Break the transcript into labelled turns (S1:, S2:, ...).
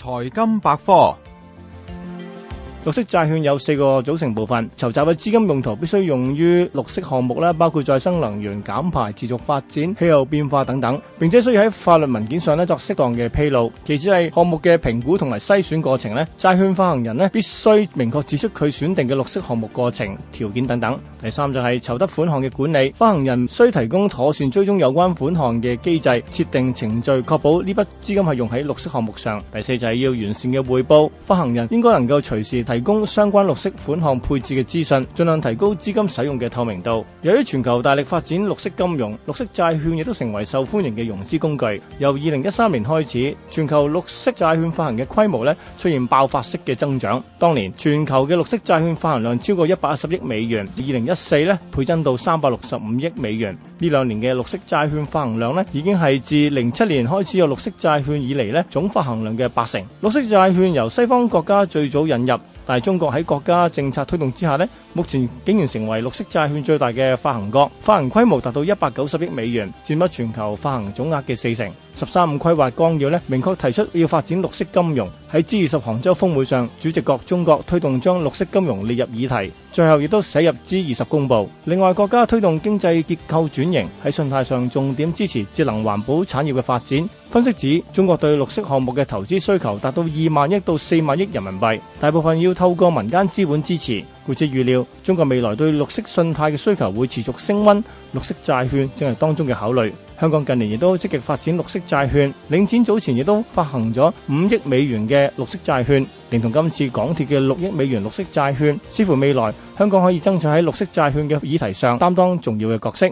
S1: 財金百科。綠色債券有四個組成部分，籌集嘅資金用途必須用於綠色項目啦，包括再生能源、減排、持續發展、氣候變化等等，並且需要喺法律文件上呢作適當嘅披露。其次係項目嘅評估同埋篩選過程咧，債券發行人咧必須明確指出佢選定嘅綠色項目過程、條件等等。第三就係籌得款項嘅管理，發行人需提供妥善追蹤有關款項嘅機制、設定程序，確保呢筆資金係用喺綠色項目上。第四就係要完善嘅匯報，發行人應該能夠隨時提供相關綠色款項配置嘅資訊，盡量提高資金使用嘅透明度。由於全球大力發展綠色金融，綠色債券亦都成為受歡迎嘅融資工具。由二零一三年開始，全球綠色債券發行嘅規模咧出現爆發式嘅增長。當年全球嘅綠色債券發行量超過一百一十億美元，二零一四咧倍增到三百六十五億美元。呢兩年嘅綠色債券發行量咧，已經係自零七年開始有綠色債券以嚟咧總發行量嘅八成。綠色債券由西方國家最早引入，但係中國喺國家政策推動之下咧，目前竟然成為綠色債券最大嘅發行國，發行規模達到一百九十億美元，佔咗全球發行總額嘅四成。十三五規劃綱要咧明確提出要發展綠色金融。喺 G 二十杭州峰會上，主席國中國推動將綠色金融列入議題，最後亦都寫入 G 二十公報。另外，國家推動經濟結構轉。喺信貸上重點支持節能環保產業嘅發展。分析指，中國對綠色項目嘅投資需求達到二萬億到四萬億人民幣，大部分要透過民間資本支持。故此預料，中國未來對綠色信貸嘅需求會持續升温，綠色債券正係當中嘅考慮。香港近年亦都積極發展綠色債券，領展早前亦都發行咗五億美元嘅綠色債券，連同今次港鐵嘅六億美元綠色債券。似乎未來香港可以爭取喺綠色債券嘅議題上擔當重要嘅角色。